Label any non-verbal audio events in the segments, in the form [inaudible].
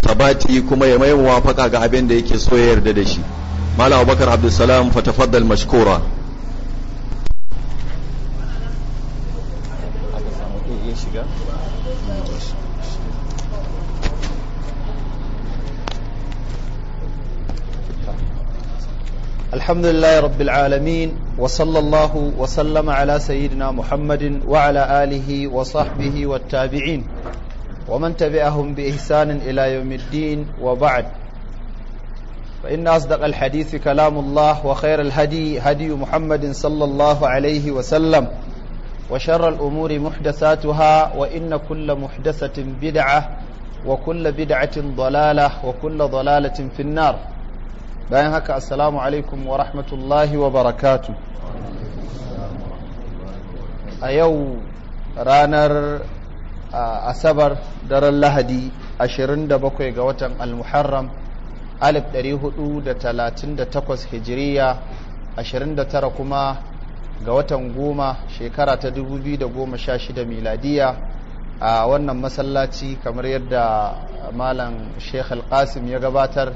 tabati kuma ya mai muwafaka ga abin da yake so ya yarda da shi mala abubakar abdulsalam fatafaddal mashkura الحمد لله رب العالمين وصلى الله وسلم على سيدنا محمد وعلى آله وصحبه والتابعين ومن تبعهم بإحسان إلى يوم الدين وبعد فإن أصدق الحديث كلام الله وخير الهدي هدي محمد صلى الله عليه وسلم وشر الأمور محدثاتها وإن كل محدثة بدعة وكل بدعة ضلالة وكل ضلالة في النار bayan haka assalamu alaikum wa rahmatullahi wa barakatu a yau ranar asabar daren lahadi 27 ga watan al-muharram 1438 hijiriya 29 kuma ga watan goma shekara ta 2016 miladiya a wannan masallaci kamar yadda malam sheikh alkasim ya gabatar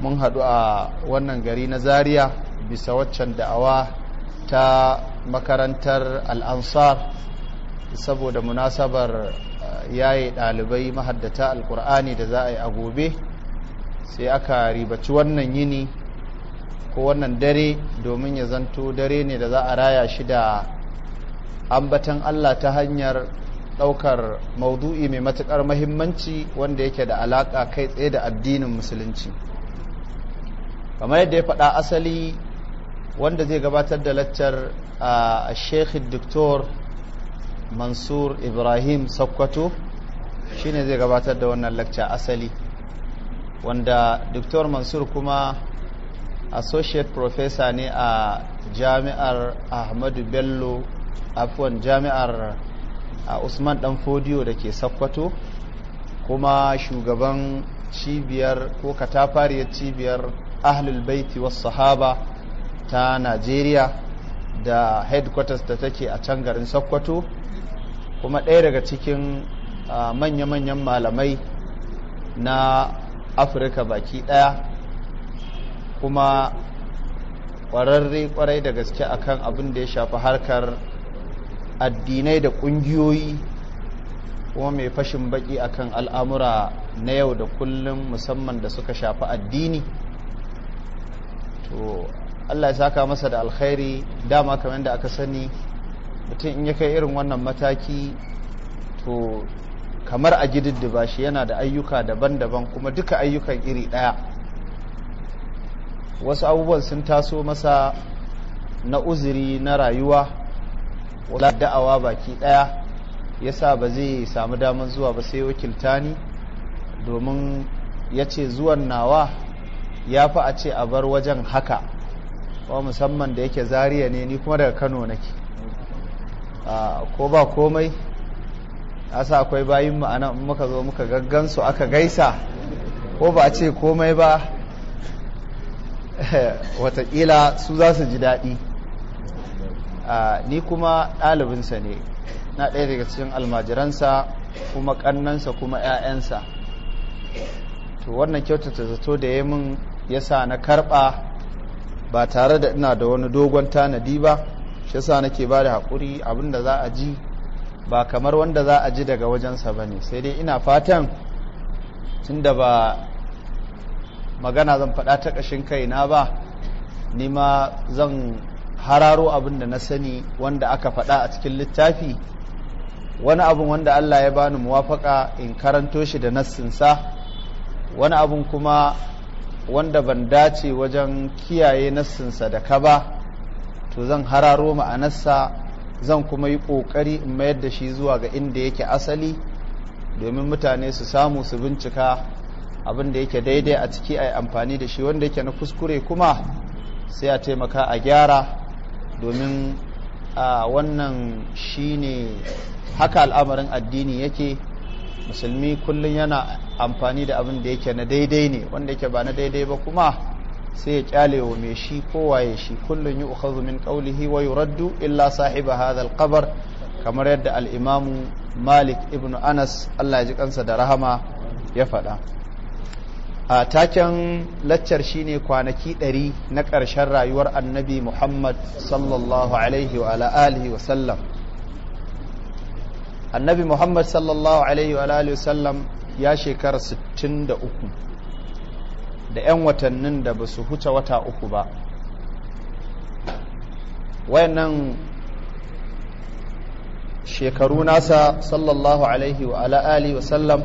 mun hadu a wannan gari na zaria bisa waccan da'awa ta makarantar al-ansar. saboda munasabar eh, yaye dalibai mahaddata alkur'ani da za a yi a gobe sai aka ribaci wannan yini ko wannan dare domin ya zanto dare ne da za a raya shi da ambatan Allah ta hanyar ɗaukar maudu'i mai matukar mahimmanci wanda yake da alaƙa kai tsaye da addinin musulunci kamar yadda ya faɗa asali wanda zai gabatar da laccar eh, a shekhi doktor mansur ibrahim sakkwato shine zai gabatar da wannan lacca asali wanda dr mansur kuma associate professor ne a jami'ar ahmadu bello afuwan jami'ar a usman dan fodiyo da ke sakkwato kuma shugaban cibiyar ko katafariyar cibiyar ahlul baiti wasu sahaba ta najeriya da headquarters da take a can garin sakkwato kuma ɗaya daga cikin manya-manyan malamai na afirka baki ɗaya kuma ƙwararre ƙwarai da gaske akan abin da ya shafi harkar addinai da ƙungiyoyi kuma mai fashin baki akan al'amura na yau da kullum musamman da suka shafi addini to allah ya saka masa da alkhairi dama kamar da aka sani mutum in ya kai irin wannan mataki to kamar a gididdiba shi yana da ayyuka daban-daban kuma duka ayyukan iri ɗaya wasu abubuwan sun taso masa na uzuri na rayuwa wala da'awa baki ɗaya ya sa ba zai samu damar zuwa ba sai wakilta ni domin ya ce zuwan nawa ya fi a ce a bar wajen haka wa musamman da yake zariya ne ni kuma daga kano nake ko ba komai asa akwai bayin ma'ana muka zo muka gaggansu aka gaisa ko ba a ce komai ba [laughs] watakila su za su ji daɗi ni kuma ɗalibinsa ne na ɗaya daga cikin almajiransa kuma ƙannansa kuma 'ya'yansa to wannan kyautata zato da ya min ya sa na karɓa ba tare da ina da wani dogon tanadi ba shi yasa nake ba da haƙuri abinda za a ji ba kamar wanda za a ji daga wajensa ba ne sai dai ina fatan tunda ba magana zan faɗa ta ƙashin kaina ba nima zan hararo abin da na sani wanda aka faɗa a cikin littafi wani abin wanda Allah ya bani muwafaka in karanto shi da nassinsa wani abin kuma wanda ban dace wajen kiyaye nassinsa da ka ba to zan hararo ma'anarsa zan kuma yi ƙoƙari in mayar da shi zuwa ga inda yake asali domin mutane su samu su bincika abin da yake daidai a ciki a yi amfani da shi wanda yake na kuskure kuma sai a taimaka a gyara domin a wannan shine haka al'amarin addini yake musulmi kullum yana amfani da abin da yake na daidai ne wanda yake ba na daidai ba kuma sai ya kyale wa mai shi kowaye shi kullum yi ukhadhu min qawlihi wa yuraddu illa sahiba hadha al kamar yadda al-imamu Malik ibn Anas Allah ya ji kansa da rahama ya faɗa a taken laccar shine kwanaki ɗari na ƙarshen rayuwar annabi Muhammad sallallahu alaihi wa alihi wa sallam annabi Muhammad sallallahu alaihi wa alihi wa sallam ya shekara 63 da 'yan watannin da ba su huce wata uku ba wayannan shekaru nasa sallallahu alaihi wa ala'ali wa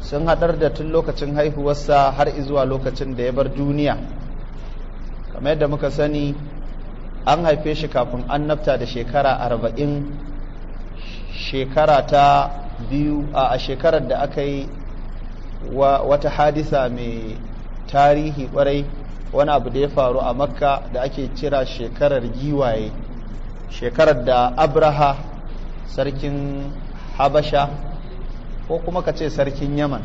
sun haɗar da tun lokacin haihuwarsa har izuwa lokacin da ya bar duniya kamar yadda muka sani an haife shi kafin an nafta da shekara arba'in shekara ta biyu a shekarar da aka yi wata hadisa mai tarihi kwarai wani abu da ya faru a makka da ake cira shekarar giwaye shekarar da abraha sarkin habasha ko kuma ka ce sarkin yaman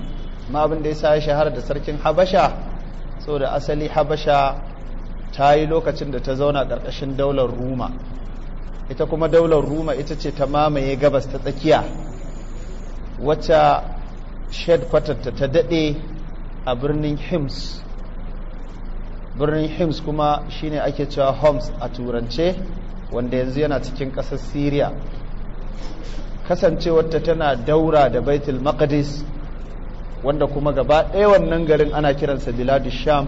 ma abin da ya sa shahara da sarkin habasha saboda asali habasha ta yi lokacin da ta zauna ƙarƙashin daular ruma ita kuma daular ruma ita ce ta mamaye gabas ta tsakiya wacce shed kwatanta ta daɗe a birnin hims birnin hims kuma shine ake cewa homs a turance wanda yanzu yana cikin ƙasar syria kasancewarta tana daura da baitul maqdis wanda kuma gaba ɗaya wannan garin ana kiransa biladu sham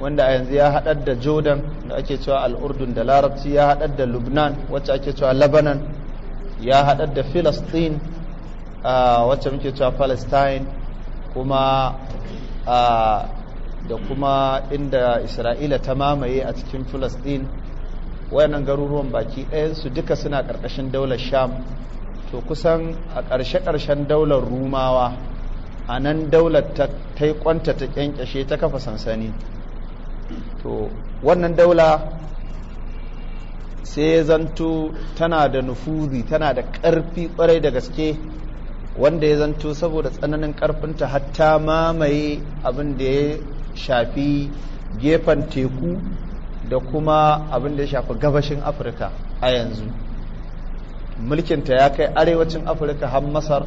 wanda a yanzu ya haɗar da jordan da ake cewa al'urdun da larabci ya haɗar da lubnan wacce ake cewa lebanon ya haɗar da philistine wacce muke cewa palestine kuma da kuma inda isra'ila ta mamaye a cikin filistin wayannan garuruwan baki ɗayansu duka suna ƙarƙashin daular sham to kusan a ƙarshe-ƙarshen daular rumawa a nan daular ta yi kwanta ta ƙyanƙyashe ta kafa sansani to wannan daula sai zanto tana da nufuzi tana da ƙarfi ƙwarai da gaske wanda ya zanto saboda tsananin karfinta hatta mamaye abin da ya shafi gefen teku da kuma abin da ya shafi gabashin afirka a yanzu mulkinta ya kai arewacin afirka har masar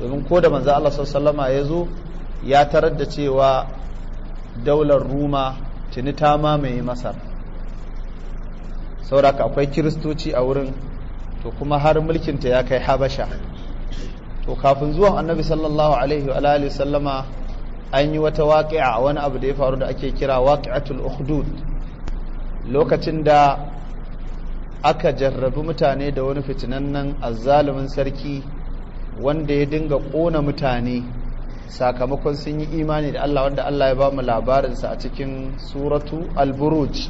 domin ko da manzo Allah sallama ya zo ya tarar da cewa daular ruma tuni ta mamaye masar sauraka akwai kiristoci a wurin to kuma har mulkinta ya kai habasha to kafin zuwan annabi sallallahu alaihi wa alihi sallama an yi wata waƙi'a wani abu da ya faru da ake kira waƙi'atul ukhdud lokacin da aka jarrabi mutane da wani fitinannen azzalumin sarki wanda ya dinga ƙona mutane sakamakon sun yi imani da Allah wanda Allah ya ba mu labarinsa a cikin suratu al-buruj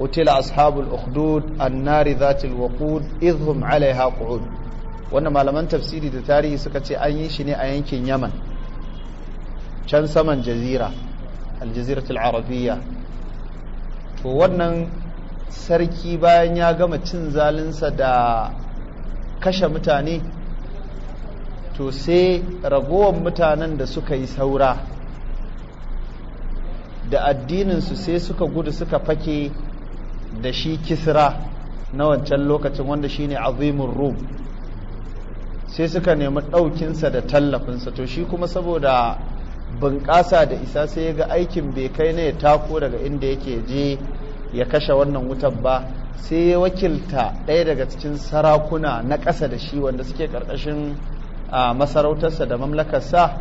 utila ashabul ukhdud annari zatil waqud idhum alaiha qu'ud wannan malaman tafsiri da tarihi suka ce an yi shi ne a yankin yaman can saman jazira aljaziratul arabiya to wannan sarki bayan ya gama cin zalinsa da kashe mutane to sai ragowar mutanen da suka yi saura da addininsu sai suka gudu suka fake da shi kisra na wancan lokacin wanda shi ne azimin rum sai suka nemi ɗaukinsa da tallafinsa to shi kuma saboda bunƙasa da isa sai ya ga aikin bai kai na ya tako daga inda yake je ya kashe wannan wutan ba sai ya wakilta ɗaya daga cikin sarakuna na ƙasa da shi wanda suke ƙarƙashin masarautarsa da mamlakarsa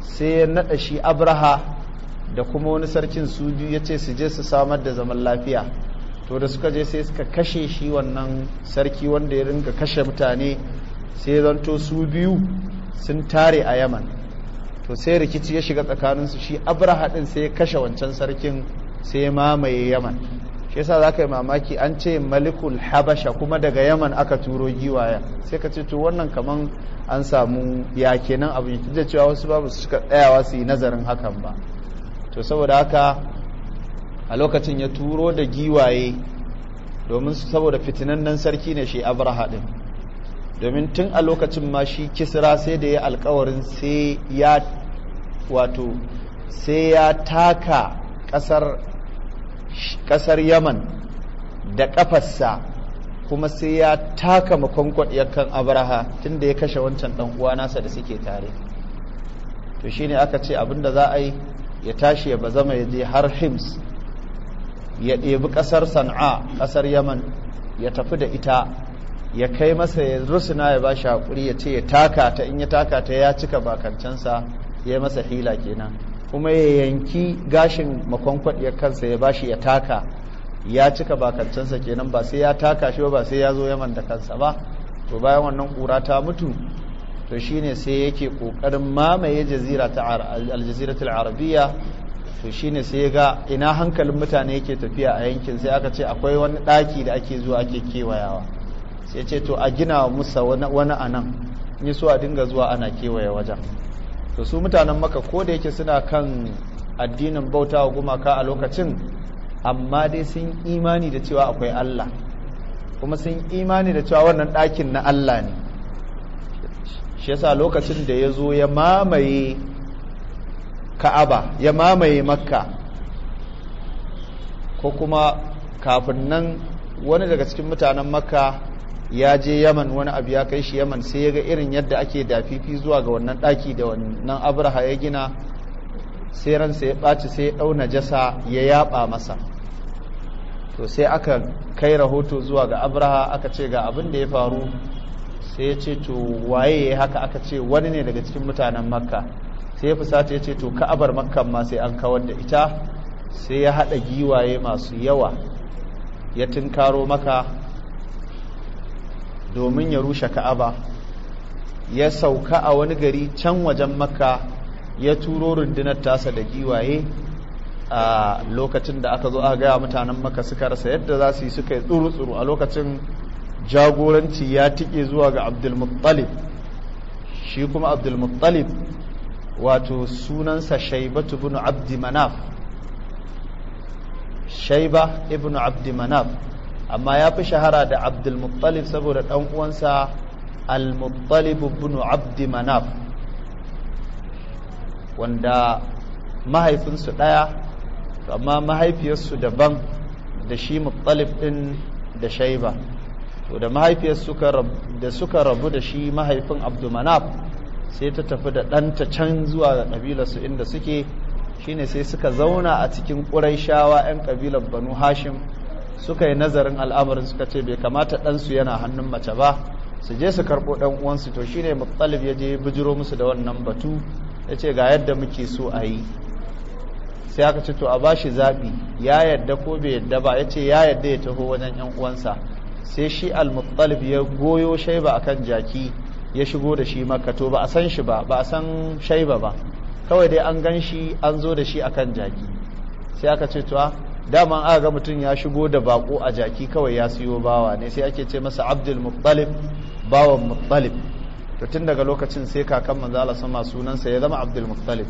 sai ya naɗa shi abraha da kuma wani sarkin su biyu ya ce su je su samar da zaman lafiya to da suka je sai suka kashe shi wannan sarki wanda ya ringa kashe mutane sai to su biyu sun tare a yaman to sai rikici ya shiga tsakaninsu shi abraha din sai ya kashe wancan sarkin sai ya mamaye yaman shi yasa za ka yi mamaki an ce malikul habasha kuma daga yaman aka turo giwaya sai ka ce to wannan kaman an samu ya kenan abu da cewa wasu babu su suka tsayawa su yi nazarin hakan ba to saboda haka a lokacin ya turo da giwaye domin saboda fitinan nan sarki ne shi abraha din domin tun a lokacin ma shi kisira sai da ya alkawarin sai ya wato sai ya taka kasar yaman da kafarsa kuma sai ya taka makwankwadiyar kan abraha tun da ya kashe wancan ɗan uwa nasa da suke tare to shine aka ce abinda za a yi ya tashi ya bazama ya je har hims ya ɗebi ƙasar sana'a ƙasar yaman ya tafi da ita ya kai masa ya rusuna ya ba shi haƙuri ya ce ya taka ta in ya taka ta ya cika bakancansa ya masa hila kenan kuma ya yanki gashin ya kansa ya ba shi ya taka ya cika bakancansa kenan ba sai ya taka shi ba sai ya zo yaman da kansa ba to bayan wannan kura ta mutu to shine sai yake ƙoƙarin mamaye jazira ta ta arabiya to shine sai ya ga ina hankalin mutane yake tafiya a yankin sai aka ce akwai wani ɗaki da ake zuwa ake kewayawa sai ce to a gina musa wani a nan yi su a dinga zuwa ana kewaye wajen to su mutanen maka ko da yake suna kan addinin bauta wa gumaka a lokacin amma dai sun imani da cewa akwai Allah kuma sun imani da cewa wannan ɗakin na Allah ne shi yasa lokacin da ya zo ya mamaye ka'aba ya mamaye makka ko kuma kafin nan wani daga cikin mutanen makka ya je yaman wani abu ya kai shi yaman sai ya ga irin yadda ake dafifi zuwa ga wannan ɗaki da wannan abraha ya gina sai ransa ya ɓaci sai ya ɗau jasa ya yaɓa masa to sai aka kai rahoto zuwa ga abraha aka ce ga abin da ya faru sai ya ce to waye ya haka aka ce wani ne daga cikin mutanen makka sai ya fusata ya ce to ka'abar makka ma sai an kawar da ita sai ya haɗa giwaye masu yawa ya tunkaro maka domin ya rushe ka'aba ya sauka a wani gari can wajen maka ya turo rundunar tasa da giwaye a lokacin da aka zo a gaya mutanen maka suka rasa yadda za su yi suka yi tsuru-tsuru a lokacin jagoranci ya tike zuwa ga abdulmuttalib shi kuma abdulmuttalib wato sunansa shaibatu bin abdi shaiba ibn abdi manaf amma ya fi shahara da abdulmuttalib saboda ɗan uwansa al-muttalib ibn manaf wanda mahaifinsu ɗaya amma mahaifiyarsu daban da shi muttalib ɗin da shaiba to da mahaifiyar da suka rabu da shi mahaifin abdulmanaf sai ta tafi da ɗanta can zuwa ga ƙabilarsu inda suke shine sai suka zauna a cikin ƙurai shawa 'yan ƙabilar banu hashim suka yi nazarin al'amarin suka ce bai kamata ɗansu yana hannun mace ba su je su karɓo ɗan uwansu to shine muttalib ya je bijiro musu da wannan batu ya ce ga yadda muke so a yi sai aka ce to a ba shi zaɓi ya yadda ko bai yadda ba ya ce ya yadda ya taho wajen yan uwansa sai shi al-muttalib ya goyo shaiba akan jaki ya shigo da shi makka to ba a san shi ba ba a san shaiba ba kawai dai an gan shi an zo da shi akan jaki sai aka ce to daman aka ga mutum ya shigo da bako a jaki kawai ya siyo bawa ne sai ake ce masa abdul muttalib bawan muttalib to tun daga lokacin sai kakan manzo Allah sama sunansa ya zama abdul muttalib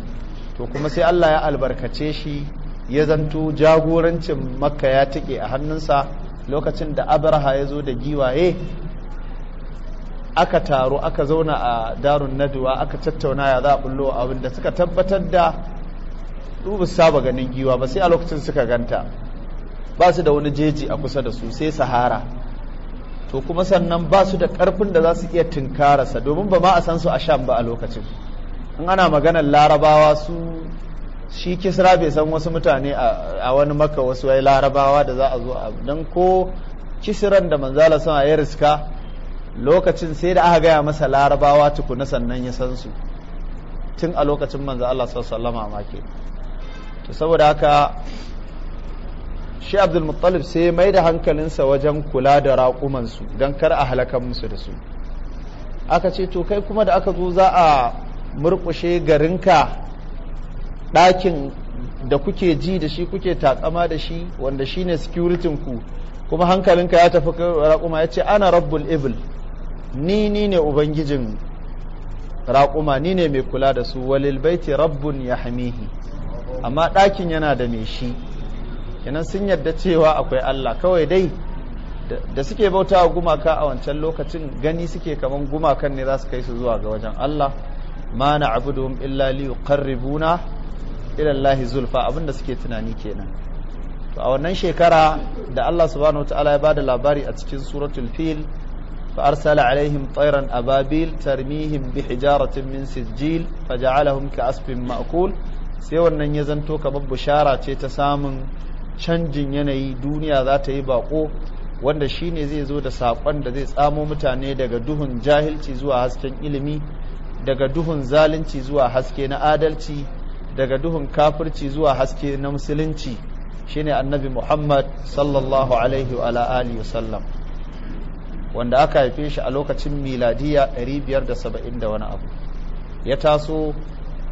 to kuma sai Allah ya albarkace shi ya zanto jagorancin makka ya tike a hannunsa lokacin da abraha ya zo da giwaye aka taro aka zauna a darun naduwa aka tattauna ya za a bullo abin da suka tabbatar da su ba saba ganin giwa ba sai a lokacin suka ganta ba su da wani jeji a kusa da su sai sahara to kuma sannan ba su da karfin da za su iya tunkararsa domin ba ma a san su a sham ba a lokacin in ana maganar larabawa su shi kisra bai san wasu mutane a wani maka wasu wai larabawa da za a zo a don ko kisiran da manzala sama ya riska lokacin sai da aka gaya masa larabawa tukuna sannan ya san su tun a lokacin manzo Allah sallallahu alaihi ma ke. to saboda haka shi abdulmuttalib sai mai da hankalinsa wajen kula da raƙumansu don kar a halakan musu da su aka ce to kai kuma da aka zo za a murƙushe garinka ɗakin da kuke ji da shi kuke takama da shi wanda shi ne ku kuma hankalinka ya tafi raƙuma ya ce ana rabbul ibil ni ni ne ubangijin raƙuma ni ne mai kula da su walil baiti rabbun ya hamihi amma ɗakin yana da mai shi kenan sun yarda cewa akwai Allah kawai dai da suke bauta wa gumaka a wancan lokacin gani suke kaman gumakan ne za su kai su zuwa ga wajen Allah ma na wani illa li yuqarribuna ila Allah zulfa abinda suke tunani kenan to a wannan shekara da Allah subhanahu ta'ala ya da labari a cikin suratul fil fa arsala alaihim tayran ababil tarmihim bi hijaratin min sijil ja'alahum ka asfin ma'kul sai wannan ya zanto kamar bishara ce ta samun canjin yanayi duniya za ta yi bako wanda shi ne zai zo da saƙon da zai tsamo mutane daga duhun jahilci zuwa hasken ilimi daga duhun zalunci zuwa haske na adalci daga duhun kafirci zuwa haske na musulunci shine annabi muhammad sallallahu alaihi wa alihi wasallam wanda aka haife shi a lokacin miladiya 570 da wani abu ya taso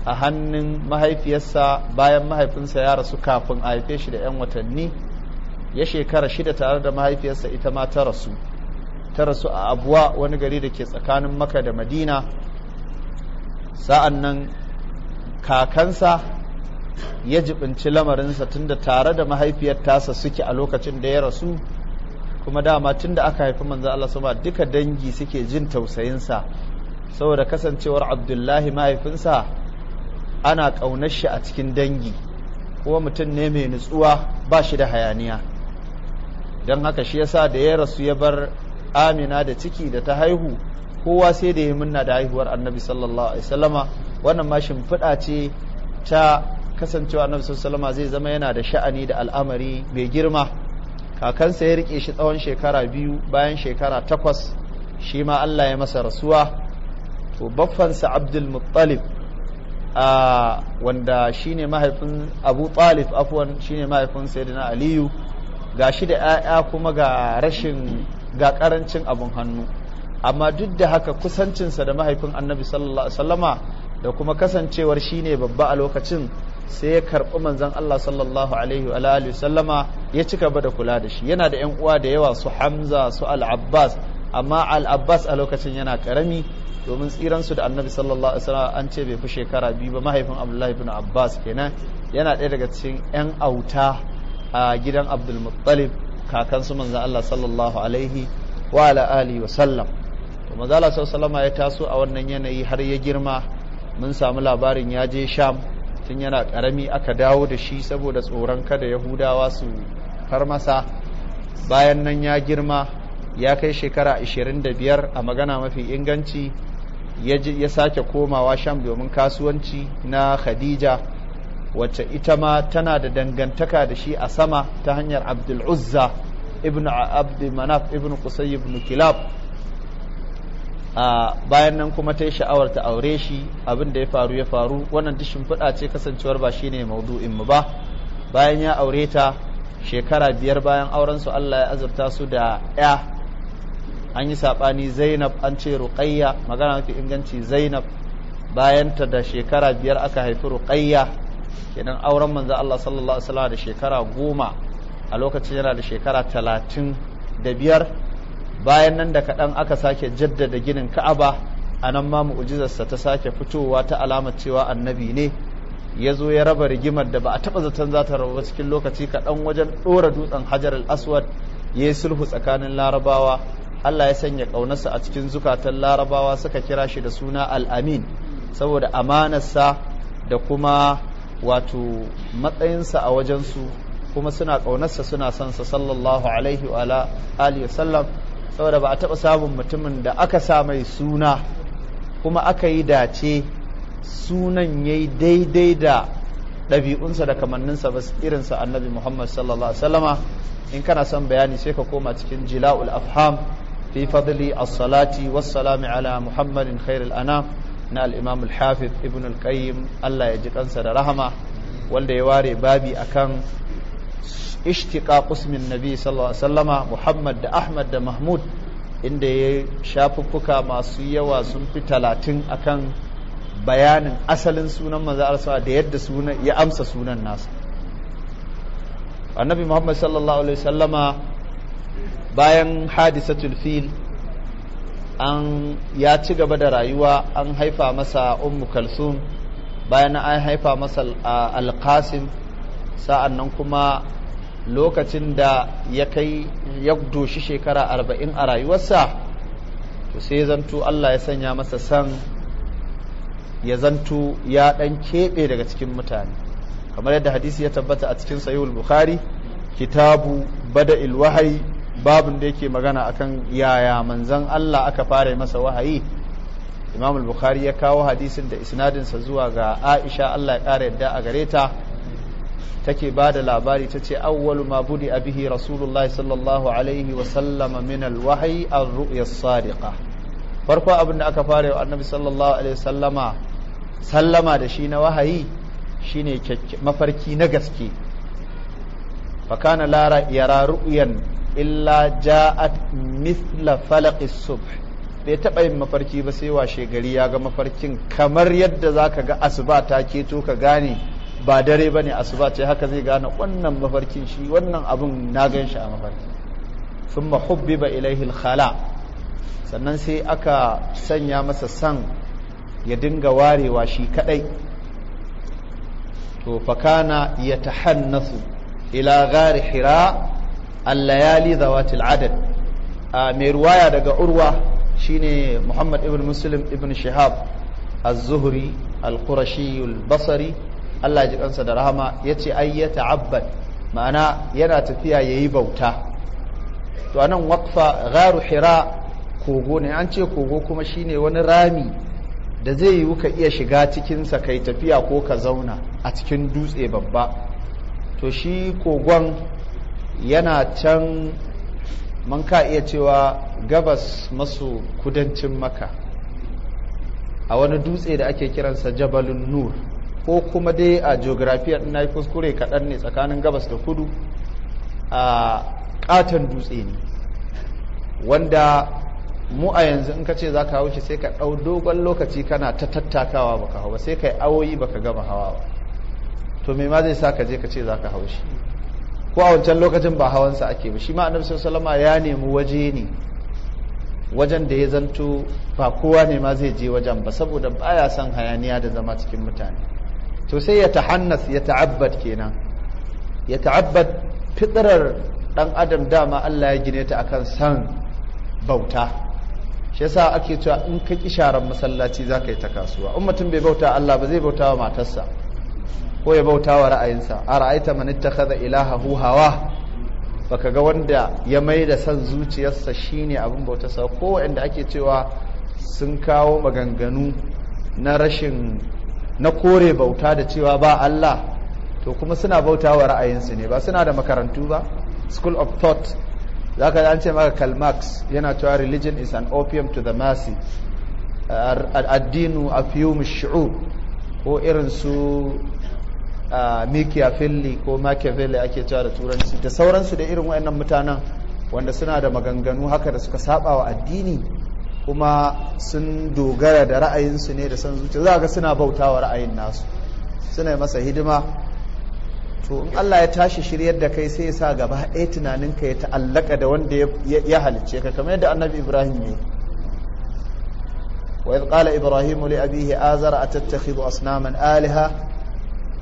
a hannun mahaifiyarsa bayan mahaifinsa ya rasu kafin a haife shi da 'yan watanni ya shekara shida tare da mahaifiyarsa ita ma ta rasu ta rasu a abuwa wani gari da ke tsakanin maka da madina sa'an nan kakansa ya jibinci lamarinsa tunda tare da mahaifiyar tasa suke a lokacin da ya rasu kuma dama da aka haifi manzo Allah duka dangi suke jin tausayinsa saboda kasancewar abdullahi mahaifinsa ana ƙaunar shi a cikin dangi kuma mutum ne mai nutsuwa ba shi da hayaniya don haka shi yasa da ya rasu ya bar amina da ciki da ta haihu kowa sai da ya munna da haihuwar annabi sallallahu alaihi wasallama wannan ma shimfiɗa ce ta kasancewa annabi sallallahu alaihi zai zama yana da sha'ani da al'amari mai girma kakansa ya rike shi tsawon shekara biyu bayan shekara takwas shi ma Allah ya masa rasuwa to baffansa Abdul Muttalib wanda shine mahaifin abu talib shi shine mahaifin sayyidina aliyu ga shi da 'ya'ya kuma ga rashin ga karancin abun hannu amma duk da haka kusancinsa da mahaifin annabi sallallahu da kuma kasancewar shi ne babba a lokacin sai ya karɓi manzon Allah sallallahu alaihi wa alihi sallama ya ci gaba da kula da shi yana da yan uwa da yawa su Hamza su al amma al a lokacin yana karami domin tsiransu da annabi sallallahu alaihi an ce bai fi shekara biyu ba mahaifin abdullahi ibn abbas kenan yana ɗaya daga cikin yan auta a gidan abdul muttalib kakansu manzo Allah sallallahu alaihi wa ala wa sallam to manzo Allah sallallahu ya taso a wannan yanayi har ya girma mun samu labarin ya je sham tun yana karami aka dawo da shi saboda tsoron kada yahudawa su far masa bayan nan ya girma ya kai shekara 25 a magana mafi inganci ya sake komawa sham domin kasuwanci na khadija wacce ita ma tana da dangantaka da shi a sama ta hanyar abdul uzza ibn abd manaf ibn qusay ibn kilab a bayan nan kuma ta yi sha'awar ta aure shi abin da ya faru ya faru wannan dishin shimfiɗa ce kasancewar ba shine maudu'in mu ba bayan ya aure ta shekara biyar bayan auren su Allah ya azurta su da ya an yi saɓani zainab an ce ruqayya magana mafi inganci zainab bayanta da shekara biyar aka haifi ruqayya kenan auren manzo Allah sallallahu alaihi wasallam da shekara goma a lokacin yana da shekara talatin da biyar bayan nan da kaɗan aka sake jaddada ginin ka'aba a nan ma mu'ujizarsa ta sake fitowa ta alamar cewa annabi ne ya zo ya raba rigimar da ba a taɓa zaton za ta raba cikin lokaci kaɗan wajen ɗora dutsen hajar al-aswad ya yi sulhu tsakanin larabawa Allah ya sanya kaunarsa a cikin zukatan larabawa suka kira shi da suna al'amin saboda amanarsa da kuma wato matsayinsa a wajensu kuma suna ƙaunarsa suna sa sallallahu alaihi wa alihi sallam saboda ba a taɓa samun mutumin da aka sa mai suna kuma aka yi dace sunan ya yi daidai da ɗabi'unsa da kamanninsa ba irinsa annabi muhammad sallallahu alaihi wa sallama in kana son bayani sai ka koma cikin jila'ul afham في فضل الصلاة والسلام ala محمد خير الأنام na al'imam al-hafiz ibn al Allah ya ji kansa da rahama wanda ya ware babi akan ishtiqa qusmin nabi sallallahu alaihi wasallama muhammad da ahmad da mahmud inda ya shafuffuka masu yawa sun fi talatin akan bayanin asalin sunan manzo arsa da yadda ya amsa sunan nasa annabi muhammad sallallahu alaihi wasallama bayan hadisatul fil an ya ci gaba da rayuwa an haifa masa ummu Kalsun bayan an haifa masa alkasim sa'an nan kuma lokacin da ya kai ya doshi shekara arba'in a rayuwarsa to sai zanto Allah ya sanya masa san ya zantu ya ɗan keɓe daga cikin mutane kamar yadda hadisi ya tabbata a cikin sayi bukhari kitabu bada ilwahai babin da yake magana akan yaya manzan Allah aka fara masa wahayi Imam al-Bukhari ya kawo hadisin da isnadinsa zuwa ga Aisha Allah ya kara yadda a gare ta take ba da labari ta ce awwalu ma budi abihi rasulullahi sallallahu alaihi wa sallama min al-wahyi ruya sadiqa farko abin da aka fara wa annabi sallallahu alaihi sallama sallama da shi na wahayi shine mafarki na gaske fa lara yara ru'yan illa ja'at mithla falaqis subh bai taɓa yin mafarki ba sai washe gari ya ga mafarkin kamar yadda za ka ga asuba ta keto ka gane ba dare ba ne asuba ce haka zai gane wannan mafarkin shi wannan abin na gan shi a mafarki sun mahubbi ba ilai khala sannan sai aka sanya masa san ya dinga warewa shi kadai to fakana ya tahannasu ila gari hira al-layali zawatil adad mai ruwaya daga urwa shine muhammad ibn muslim ibn shihab az-zuhri al-qurashi al-basri Allah ji kansa da rahama yace ai ya ma'ana yana tafiya yayi bauta to anan waqfa gharu hira kogo ne an ce kogo kuma shine wani rami da zai yiwu ka iya shiga cikinsa kai tafiya ko ka zauna a cikin dutse babba to shi kogon yana can man ka iya cewa gabas masu kudancin maka a wani dutse da ake kiransa jabalun nur ko kuma dai a geografiya na yi kuskure kaɗan ne tsakanin gabas da kudu a ƙaton dutse ne wanda mu a yanzu in ka ce za ka hau sai ka ɗau dogon lokaci kana ta tattakawa baka hau ba sai ka yi awoyi baka gama hawa ba to me ma zai sa ka je ka ce za ka hau shi ko a wancan lokacin ba hawansa ake ba shi ma'anar annabi salama ya nemi waje ne wajen da ya zanto ba kowa ne ma zai je wajen ba saboda baya son hayaniya da zama cikin mutane to sai ya tahannas ya ta'abbad kenan ya ta'abbad fitrar dan adam dama Allah ya gine ta akan san bauta shi yasa ake cewa in ka ki sharan masallaci zaka yi ta kasuwa ummatin bai bauta Allah ba zai bauta wa matarsa ko ya bauta wa ra'ayinsa a ra'aita man ittakhadha ilahahu hawa baka ga wanda ya mai da san zuciyarsa shine abin bauta sa ko wanda ake cewa sun kawo maganganu na rashin na kore bauta da cewa ba Allah to kuma suna bauta wa ra'ayinsu ne ba suna da makarantu ba school of thought za ka an ce maka Karl Marx yana cewa religion is an opium to the masses addinu a fiye ko irin su machiavelli ko machiavelli ake cewa da turanci da sauransu da irin wayannan mutanen wanda suna da maganganu haka da suka saba wa addini kuma sun dogara da ra'ayinsu ne da san zuciya za ga suna bautawa ra'ayin nasu suna masa hidima to in Allah ya tashi shiryar da kai sai ya sa gaba ɗaya tunaninka ya ta'allaka da wanda ya halice ka kamar yadda annabi Ibrahim ne wa idh qala ibrahimu li abihi azara atattakhidhu asnaman alaha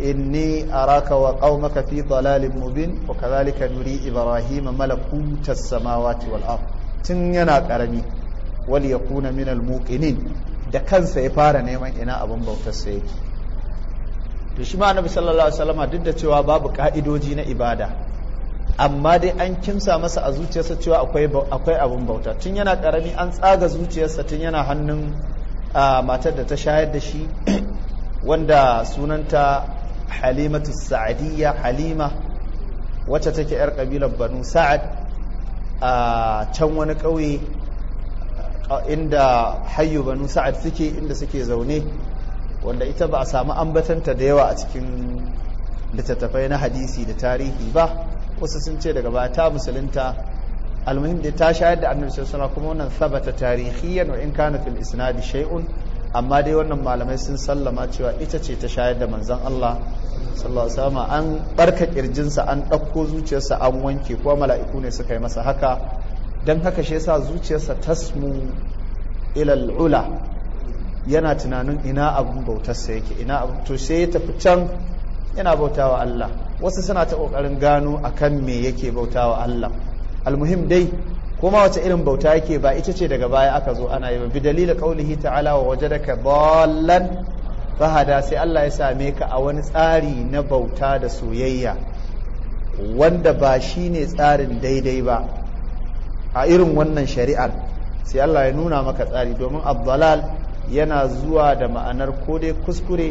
inni araka wa qaumaka fi dalalin mubin wa kadhalika nuri ibrahima malakutas samawati wal ard tun yana karami wal yakuna min al muqinin da kansa ya fara neman ina abin bautar sa yake to shi ma annabi sallallahu alaihi wasallam duk da cewa babu ka'idoji na ibada amma dai an kimsa masa a zuciyarsa cewa akwai akwai abin bauta tun yana karami an tsaga zuciyarsa tun yana hannun ah, matar da ta shayar da shi [coughs] wanda sunanta halimatu sa'adiyya halima wacce take yar kabilar banu sa'ad a can wani ƙauye inda hayyu banu sa'ad suke inda suke zaune wanda ita ba a samu ambatanta da yawa a cikin littattafai na hadisi da tarihi ba wasu sun ce daga bata ta musulunta almuhim da ta shayar da annabi suna kuma wannan sabata tarihiyan wa in kana fil isnadi shay'un amma dai wannan malamai sun sallama cewa ita ce ta shayar da manzon Allah sallallahu an barka kirjinsa an ɗauko zuciyarsa an wanke kuma mala'iku ne suka yi masa haka don haka shi yasa zuciyarsa tasmu ilal ula yana tunanin ina abin bautarsa yake ina abin to sai ya tafi can yana bautawa Allah wasu suna ta kokarin gano akan me yake bautawa Allah almuhim dai kuma wace irin bauta yake ba ita ce daga baya aka zo ana yi ba bi dalilin qaulihi ta'ala wa wajadaka dallan fahada sai Allah ya same ka a wani tsari na bauta da soyayya wanda ba shi ne tsarin daidai ba a irin wannan shari'ar sai Allah ya nuna maka tsari domin abdalal yana zuwa da ma'anar ko dai kuskure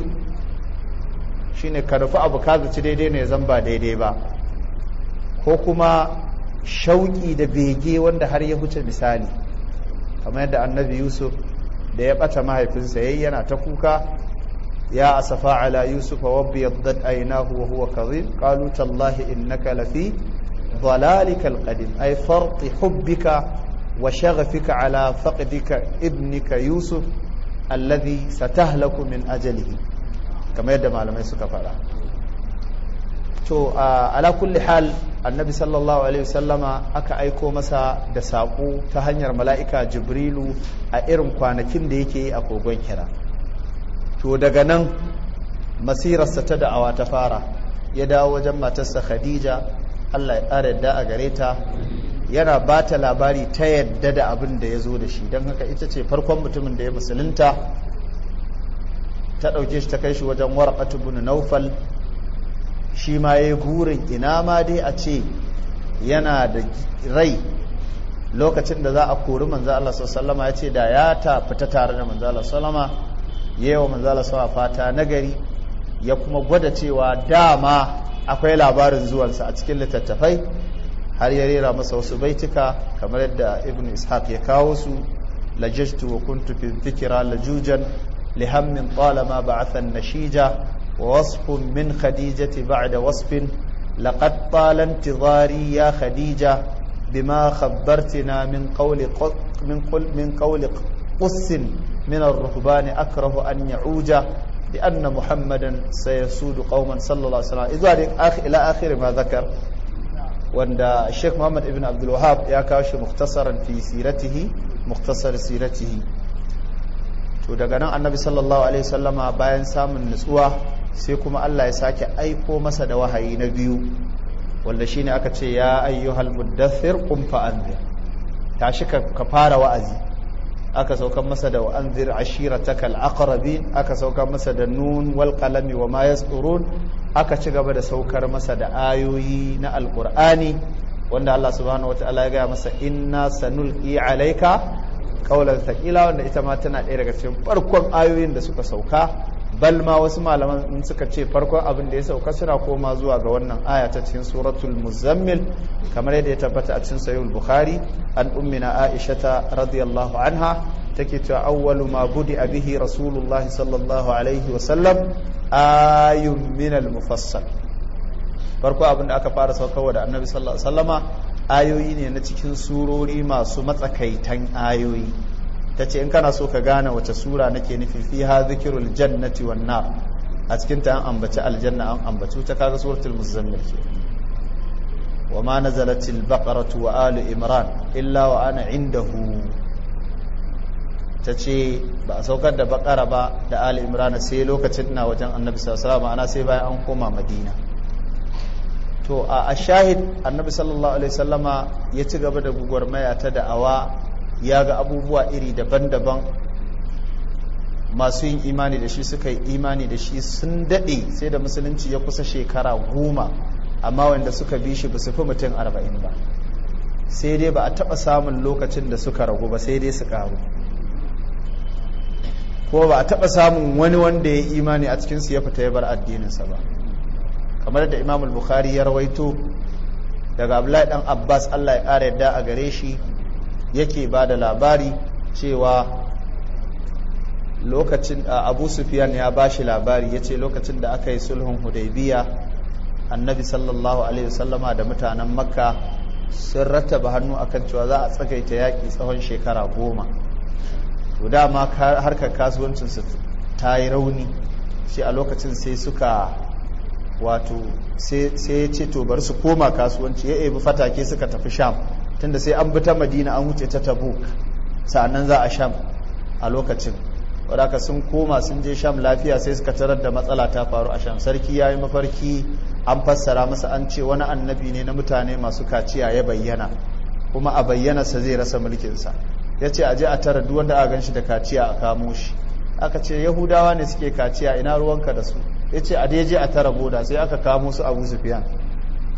shine ka abu ka zaci daidai ne zan ba daidai ba ko kuma shauƙi da bege wanda har ya huce misali kamar yadda annabi yusuf da ya ɓata mahaifinsa yayi yana ta kuka ya asafa ala yusufa wabbi yaddad aynahu wa huwa kadhib qalu tallahi innaka lafi dalalika alqadim ay farti hubbika wa shaghafika ala faqdika ibnika yusuf alladhi satahlaku min ajalihi kamar yadda malamai suka faɗa. to ala kulli hal annabi sallallahu alaihi wasallama aka aiko masa da saƙo ta hanyar mala'ika jibrilu a irin kwanakin da yake a kogon kira to daga nan masirarsa ta da'awa ta fara ya dawo wajen matarsa khadija allah ya ƙara yadda a gare ta yana ba ta labari ta yadda da abin da ya zo da shi don haka ita ce farkon mutumin da ya musulunta ta ɗauke shi ta kai shi wajen warqatu bin naufal shi ma ya yi gurin ina ma dai a ce yana da rai lokacin da za a kori manzala sallama ya ce da ya ta fita tare da manzala sallama yawa manzala sama fata nagari ya kuma gwada cewa dama akwai labarin zuwansa a cikin littattafai har ya rera masa wasu baituka kamar yadda ibn ishaq ya kawo su lajajtu wa kuntu fi jujan lajujan lihammin talama ba'athan nashija wa wasfun min khadijati ba'da wasfin laqad tala intizari ya khadija bima khabbartina min qawli min qawli قس من الرهبان أكره أن يعوج لأن محمدا سيسود قوما صلى الله عليه وسلم إذا إلى آخر ما ذكر وأن الشيخ محمد ابن عبد الوهاب يكاش مختصرا في سيرته مختصر سيرته to daga nan annabi sallallahu alaihi sallama bayan samun nutsuwa sai kuma Allah ya sake aiko masa da wahayi na biyu wanda shine aka ce ya ayyuhal muddathir qum fa ka fara wa'azi aka saukar masa da wa anzir ashirataka al-aqrabin aka saukar masa da nun wal qalami wa ma yasturun aka ci gaba da saukar masa da ayoyi na alkur'ani wanda Allah subhanahu wataala ya gaya masa inna sanulqi alayka qawlan thaqila wanda ita ma tana ɗaya daga cikin farkon ayoyin da suka sauka bal ma wasu malaman suka ce farkon abin da ya sauka suna koma zuwa ga wannan aya ta cikin suratul muzammil kamar yadda ya tabbata a cikin sahihul bukhari an ummina aisha ta radiyallahu anha take ta awwalu ma budi bihi rasulullah sallallahu alaihi wa sallam ayun min al mufassal farko abin da aka fara saukarwa da annabi sallallahu alaihi sallama ayoyi ne na cikin surori masu matsakaitan ayoyi ta ce in kana so ka gane wace sura nake nufi fi ha zikirul jannati wan nar a cikin ta an ambaci aljanna an ambaci ta kaga suratul muzammil ke wa ma nazalatil baqaratu wa alu imran illa wa ana indahu ta ce ba a saukar da bakara ba da ali imran sai lokacin na wajen annabi sallallahu alaihi wasallam sai bayan an koma madina to a shahid annabi sallallahu alaihi wasallama ya ci gaba da gugurmaya ta da'awa ya ga abubuwa iri daban-daban masu yin imani da shi suka yi imani da shi sun daɗe sai da musulunci ya kusa shekara goma amma wanda suka bi shi ba su fi mutum arba'in ba sai dai ba a taɓa samun lokacin da suka ragu ba sai dai su ƙaru ko ba a taɓa samun wani wanda ya yi imani a cikinsu ya fita ya bar addininsa ba kamar da imamul bukhari ya rawaito daga abdullahi dan abbas allah ya ƙara yadda a gare shi yake ba da labari cewa lokacin abu sufiyan ya ba shi labari ya ce lokacin da aka yi sulhun hudaibiya annabi sallallahu alaihi wasallama da mutanen makka sun rattaba hannu akan cewa za a tsakaita yaƙi tsawon shekara goma to dama harkar kasuwancinsu ta yi rauni shi a lokacin sai suka wato sai ya ce to bari su koma kasuwanci ya ebi fatake suka tafi sham tunda sai an bi ta madina an wuce ta tabuk sa'annan za a sham a lokacin wadaka sun koma sun je sham lafiya sai suka tarar da matsala ta faru a sham sarki ya yi mafarki an fassara masa an ce wani annabi ne na mutane masu kaciya ya bayyana kuma a sa zai rasa mulkinsa ya ce a je a tara duk wanda a gan shi da kaciya a kamo shi aka ce yahudawa ne suke kaciya ina ruwanka da su ya ce a je a tara boda sai aka kamo su abu sufiyan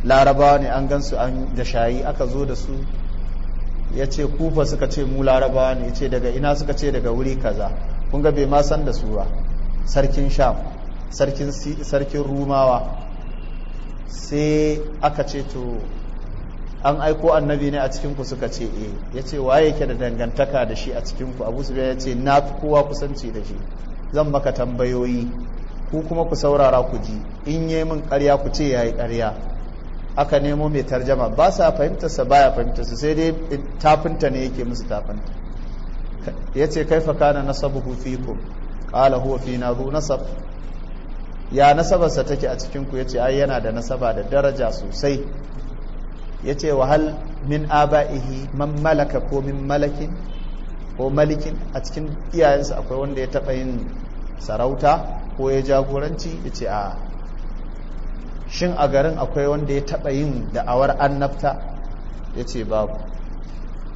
larabawa ne an gansu an da shayi aka zo da su ya ce kufa suka ce mu larabawa ne ya ce daga ina suka ce daga wuri kaza kun ga bai ma san da su ba sarkin sham sarkin rumawa sai aka ce to an aiko annabi ne a cikinku suka ce e ya ce waye ke da dangantaka da shi a cikinku abu su ya ce na fi kowa kusanci da shi zan maka tambayoyi ku kuma ku saurara ku ji in yi min karya ku ce ya yi karya aka nemo mai tarjama ba sa fahimtarsa baya sa sai dai tafinta ne yake musu tafinta ya ce kaifa kana nasabu fikum kala huwa na nasab ya nasabarsa take a cikin ku yace ai yana da nasaba da daraja sosai yace wa hal min abaihi man malaka ko min malakin ko malikin a cikin iyayensa akwai wanda ya taba yin sarauta ko ya jagoranci yace a shin a garin akwai wanda ya taɓa yin da'awar annabta ya ce babu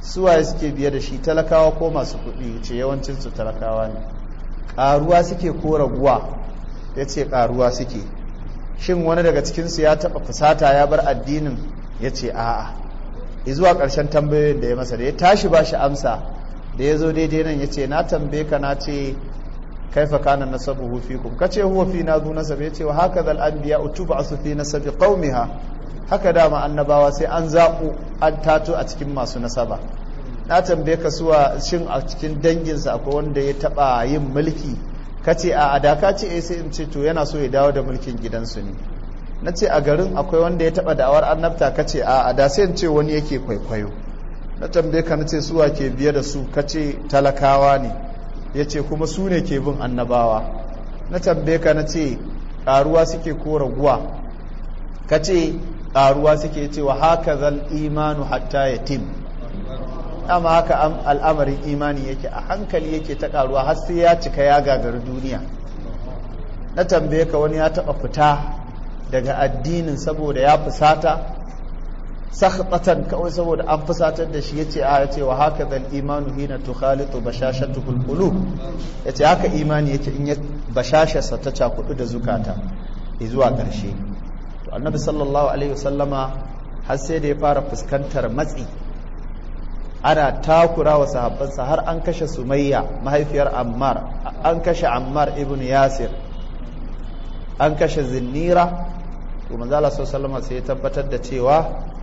suwaye suke biye da shi talakawa ko masu kuɗi ce yawancinsu talakawa ne ƙaruwa suke ko raguwa ya ce ƙaruwa suke shin wani daga cikinsu ya taɓa fusata ya bar addinin ya ce a'a zuwa ƙarshen tambayoyin da ya masa da ya tashi ba shi amsa da ya zo daidai nan ya ce na tambaye ka na ce kaifa kana nasabuhu fikum kace huwa fi na zu nasab yace wa hakaza al anbiya asufi fi nasabi qaumiha haka dama annabawa sai an zaɓo an tato a cikin masu nasaba na tambaye ka suwa shin a cikin danginsa akwai wanda ya taɓa yin mulki ka ce a adaka ce sai in ce to yana so ya dawo da mulkin gidansu ne na ce a garin akwai wanda ya taɓa da'awar annabta ka ce a ada sai in ce wani yake kwaikwayo na tambaye ka na ce suwa ke biye da su ka ce talakawa ne ya ce kuma su ne ke bin annabawa na tambaye ka na ce ƙaruwa suke kora guwa ka ce ƙaruwa suke cewa haka zan imanu hatta ya tim amma haka al'amarin imani yake a hankali yake ta ƙaruwa har sai ya cika ya gagari duniya na tambaye wani ya taɓa fita daga addinin saboda ya fusata sakhbatan kawai saboda an fusatar da shi yace a yace wa haka dal imanu hina tukhalitu bashashatuhul qulub yace haka imani yake in ya bashasharsa ta cakudu da zukata zuwa ƙarshe to annabi sallallahu alaihi wasallama har sai da ya fara fuskantar matsi ana takura wa sahabbansa har an kashe sumayya mahaifiyar ammar an kashe ammar ibn yasir an kashe zinnira to manzo Allah sallallahu alaihi wasallama sai ya tabbatar da cewa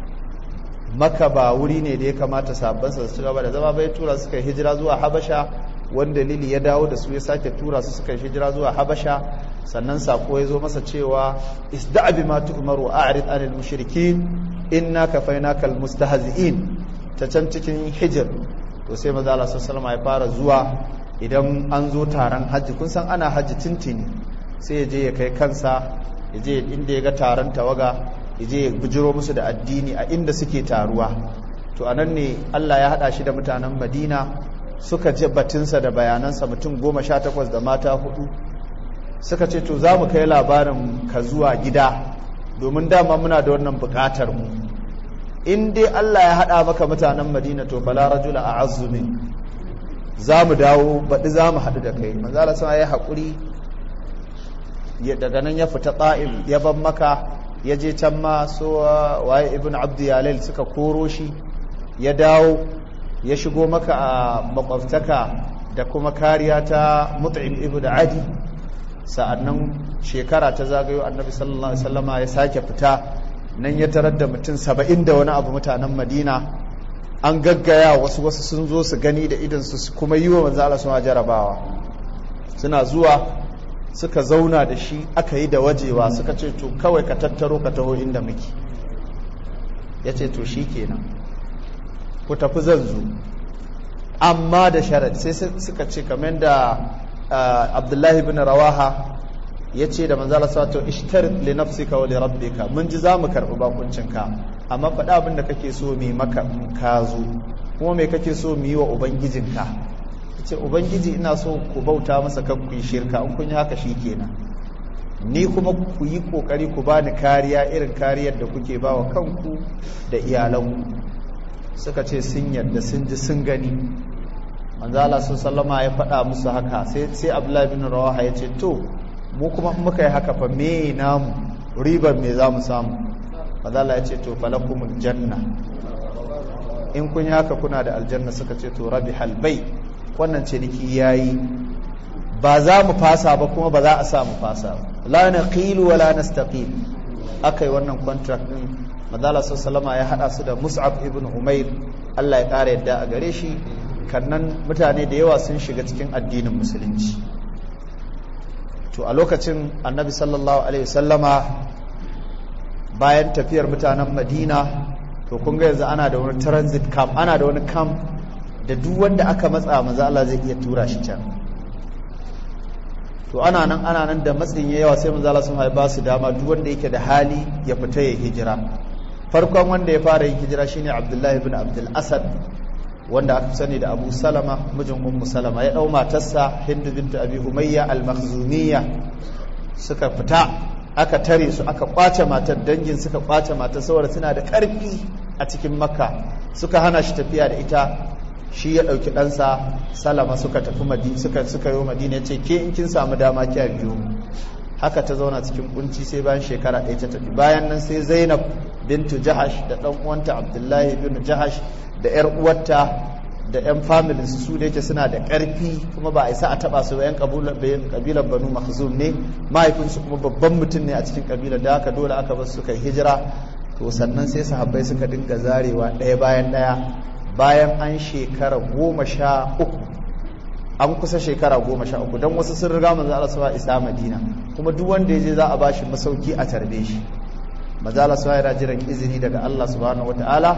maka ba wuri ne da ya kamata sabon su su gaba da zama bai tura suka hijira zuwa habasha wanda lili ya dawo da su ya sake tura su suka hijira zuwa habasha sannan sako ya zo masa cewa isda'a bima tu'maru a'rid anil mushrikin inna kafainaka almustahzi'in ta can cikin hijir to sai maza Allah sallallahu ya fara zuwa idan an zo taron hajji kun san ana hajji tintini sai ya je ya kai kansa ya je inda ya ga taron tawaga je ya bujiro musu da addini a inda suke taruwa to anan ne Allah ya hada shi da mutanen Madina suka je batinsa da bayanansa mutum goma sha takwas da mata hudu suka ce to za mu kai labarin ka zuwa gida domin dama muna da wannan bukatar mu in dai Allah ya hada maka mutanen Madina to Bala rajula a azumi za mu dawo baɗi za mu haɗu da kai manzala sama ya haƙuri daga nan ya fita ɗa'il ya ban maka ya je can ma so uh, waye ibn abdu yalil suka koro shi ya dawo ya shigo maka a makwabtaka da kuma kariya ta mut'im da adi sa'annan shekara ta zagayo annabi sallallahu alaihi ya sake fita nan ya tarar da mutum saba'in da wani abu mutanen madina an gaggaya wasu wasu sun zo su gani da su kuma yi wa manzala suna jarabawa suna zuwa suka zauna da shi aka yi da wajewa suka ce to kawai ka tattaro ka taho inda muke ya ce to shi kenan ku tafi zan zo amma da sharad sai suka ce kamar da abdullahi bin rawaha ya ce da manzala sa to ishtar li nafsika wa li rabbika mun ji za mu karbi bakuncinka amma faɗa abin da kake so mai maka ka zo kuma mai kake so mu yi wa ubangijinka ce ubangiji ina so ku bauta masa kan ku yi shirka in kun yi haka shi kenan ni kuma ku yi kokari ku bani kariya irin kariyar da kuke ba wa kanku da iyalanku suka ce sun yadda sun ji sun gani manzo Allah sun sallama ya faɗa musu haka sai sai Abdullahi bin Rawaha ya ce to mu kuma muka yi haka fa me namu ribar me za mu samu manzo Allah ya ce to falakumul janna in kun yi haka kuna da aljanna suka ce to rabihal bai wannan ciniki ya yi ba za mu fasa ba kuma ba za a sa mu fasa ba la kilu wa la nastaqil akai wannan contract din manzala sallama ya hada su da mus'ab ibn umair Allah ya kara yadda a gare shi kannan mutane da yawa sun shiga cikin addinin musulunci to a lokacin annabi sallallahu alaihi wasallama bayan tafiyar mutanen madina to kun ga yanzu ana da wani transit camp ana da wani camp da duk wanda aka matsa manzo Allah zai iya tura shi can to ana nan ana nan da matsin ya yawa sai maza Allah sun ba su dama duk wanda yake da hali ya fita ya hijira farkon wanda ya fara yin hijira shine Abdullahi ibn Abdul Asad wanda aka sani da Abu Salama mijin Ummu Salama ya dau matarsa Hindu bint Abi Umayya al-Makhzumiyya suka fita aka tare su aka kwace matar dangin suka kwace matar saboda suna da karfi a cikin Makka suka hana shi tafiya da ita shi ya ɗauki ɗansa salama suka tafi madina suka suka yi madina ce ke in kin samu dama ki a biyo haka ta zauna cikin kunci sai bayan shekara ɗaya ta tafi bayan nan sai zainab bintu jahash da ɗan uwanta abdullahi bin jahash da ƴar uwarta da yan familin su su suna da ƙarfi kuma ba a isa a taba su bayan yan kabilar banu mahzum ne mahaifinsu kuma babban mutum ne a cikin kabilar da haka dole aka bar su kai hijira to sannan sai sahabbai suka dinga zarewa ɗaya bayan ɗaya bayan an shekara goma sha uku an kusa shekara goma sha uku don wasu sun riga maza ala suwa isa Madina kuma duk wanda ya je za a ba shi masauki a tarbe shi maza ala suwa yana jiran izini daga Allah subhanahu wataala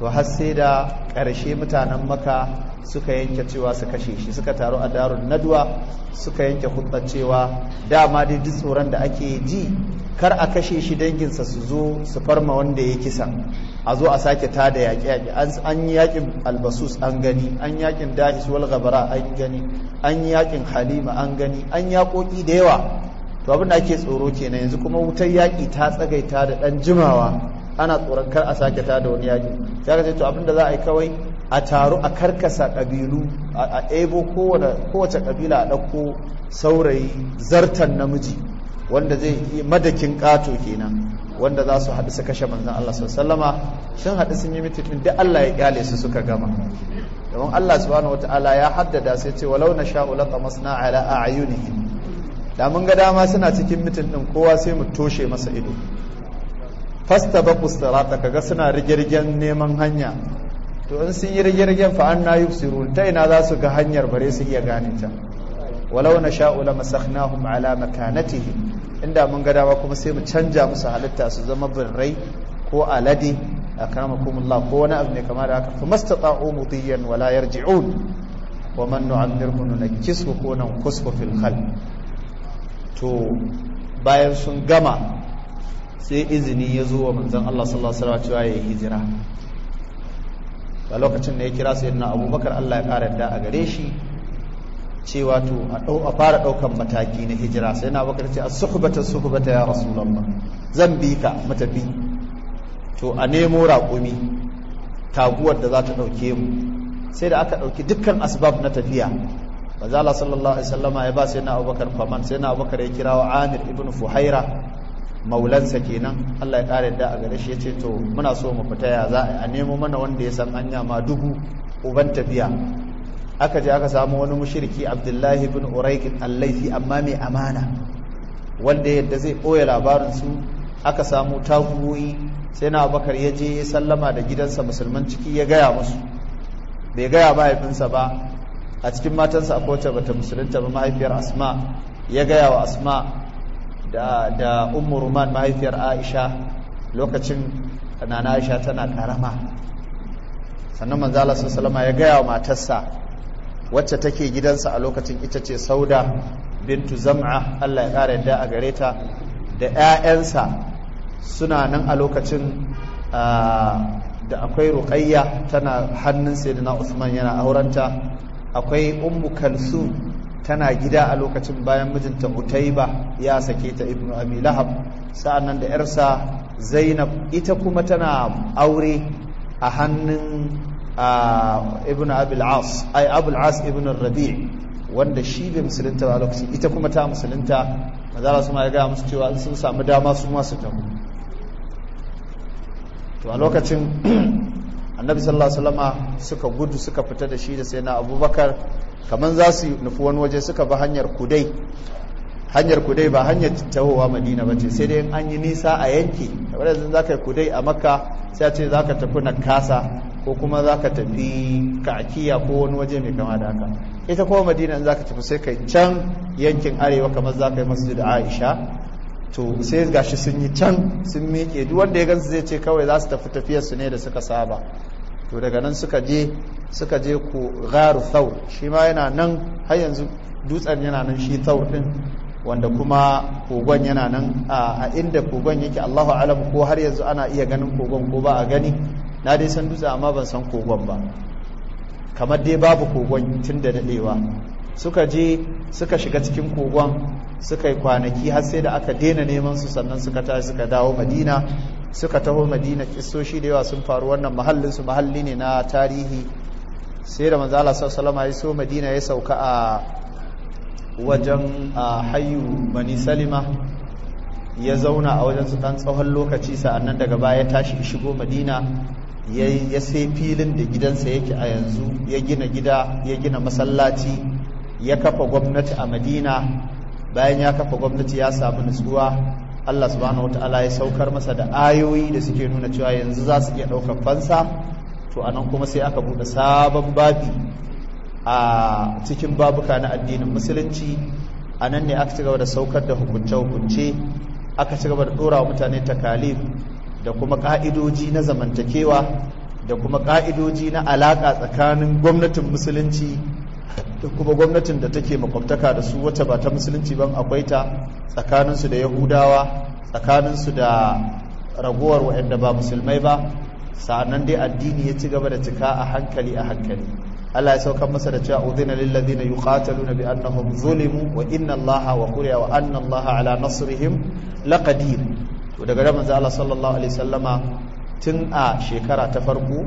to har sai da ƙarshe mutanen maka suka yanke cewa su kashe shi suka taru a darun nadwa suka yanke hudar cewa dama dai duk tsoron da ake ji kar a kashe shi danginsa su zo su farma wanda ya kisa a zo a sake ta da yaƙe-yaƙe an yi yaƙin albasus an gani an yaƙin dahis wal gabara an gani an yi yaƙin halima an gani an yaƙoƙi da yawa to abin da ake tsoro kenan yanzu kuma wutar yaƙi ta tsagaita da ɗan jimawa ana tsoron kar a sake ta da wani yaƙi sai ce to abin da za a yi kawai a taru a karkasa ƙabilu a ɗebo kowace ƙabila a ɗauko saurayi zartan namiji wanda zai yi madakin ƙato kenan wanda za su haɗu su kashe manzan Allah sallama sun haɗu sun yi mitin duk Allah ya kyale su suka gama domin Allah subhanahu wataala ya haddada sai ce walau na sha'u laqamasna ala a'yunihim da mun ga dama suna cikin mitin din kowa sai mu toshe masa ido Fasta fastabaqu ka kaga suna rigirgen neman hanya to in sun yi rigirgen fa anna yubsirun ta ina za su ga hanyar bare su iya gane ta walau na sha'u lamasakhnahum ala makanatihim inda mun ga dama kuma sai mu canja musu halitta su zama birrai ko alade a kama kumullah ko wani abu mai kama da haka masta mastata'u mudiyan wala yarji'un wa man na nunakkisu ko nan kusku fil khal to bayan sun gama sai izini ya zo wa manzon Allah sallallahu alaihi wasallam cewa ya hijira a lokacin da ya kira sayyidina Abubakar Allah ya kara da a gare shi cewa to a fara ɗaukan mataki na hijira sai na bakar ce a suhbata suhbata ya rasulallah zan bi ka matafi to a nemo raƙumi taguwar da za ta ɗauke mu sai da aka ɗauki dukkan asbab na tafiya bazala sallallahu alaihi wasallama ya ba sai na abubakar faman sai na abubakar ya kira wa amir ibn fuhaira maulansa kenan Allah ya ƙara da a gare shi ya ce to muna so mu fita ya za a nemo mana wanda ya san anya ma dubu uban tafiya aka je aka samu wani mushriki abdullahi bin uraikin allaifi amma mai amana wanda yadda zai ɓoye labarinsu aka samu taguwoyi sai na abakar ya je ya sallama da gidansa musulman ciki ya gaya musu bai gaya mahaifinsa ba a cikin matansa a kowace bata musulunta ba mahaifiyar asma ya gaya wa asma da da ummu ruman mahaifiyar aisha lokacin nana aisha tana karama sannan manzala sun salama ya gaya wa matarsa wacce take gidansa a lokacin ita ce sauda bintu zam'a allah ya ƙara yadda a gare ta da 'ya'yansa suna nan a lokacin da akwai ruƙayya tana hannun sayyidina usman yana aurenta akwai ummu kalsum tana gida a lokacin bayan mijinta utaiba ya sake ta ibnu abi lahab nan da yarsa zainab ita kuma tana aure a hannun ibn abul as ai abul as ibn rabi wanda shi bai musulunta ba lokaci ita kuma ta musulunta mazala su ma ya gaya musu cewa sun samu dama su masu taho to a lokacin annabi sallallahu alaihi wasallama suka gudu suka fita da shi da sai na abubakar kamar za su nufi wani waje suka bi hanyar kudai hanyar kudai ba hanyar tahowa madina ba ce sai dai an yi nisa a yanki kamar yanzu za ka yi kudai a makka sai a ce za ka tafi na kasa ko kuma za ka tafi kakiya ko wani waje mai kama da haka ita kuma madina in za ka tafi sai kai can yankin arewa kamar za ka yi masjid aisha to sai gashi sun yi can sun miƙe duk wanda ya gansu zai ce kawai za su tafi tafiyar su ne da suka saba to daga nan suka je suka je ku gharu thaur shi ma yana nan har yanzu dutsen yana nan shi thaur din wanda kuma kogon yana nan a inda kogon yake Allahu alam ko har yanzu ana iya ganin kogon ko ba a gani na dai san dutse amma ban san kogon ba kamar dai babu kogon tun da daɗewa suka je suka shiga cikin kogon suka yi kwanaki har sai da aka daina neman su sannan suka tashi suka dawo madina suka taho madina kisoshi da yawa sun faru wannan mahallin su mahalli ne na tarihi sai da manzo Allah sallallahu alaihi so madina ya sauka a wajen hayyu bani salima ya zauna a wajen su tsawon lokaci sa'annan daga baya ya tashi shigo madina ya sai filin da gidansa yake a yanzu ya gina gida ya gina masallaci ya kafa gwamnati a madina bayan ya kafa gwamnati ya samu nutsuwa allah subhanahu wata'ala ya saukar masa da ayoyi da suke nuna cewa yanzu za su iya ɗaukar fansa to anan kuma sai aka buɗe sabon babi a cikin babuka na addinin musulunci anan ne aka cigaba da saukar da hukunce-hukunce aka cigaba da ɗora wa mutane takalif da kuma ƙa'idoji na zamantakewa da kuma ƙa'idoji na alaƙa tsakanin gwamnatin musulunci da kuma gwamnatin da take makwabtaka da su wacce ba ta musulunci ban akwai ta tsakaninsu da yahudawa tsakaninsu da ragowar waɗanda ba musulmai ba sa'annan dai addini ya ci gaba da cika a hankali a hankali Allah ya saukar masa da cewa udhina lil ladina yuqataluna bi annahum zulimu wa inna Allaha wa quriya wa anna Allaha ala nasrihim laqadir to daga da manzo Allah sallallahu alaihi sallama tun a shekara ta farko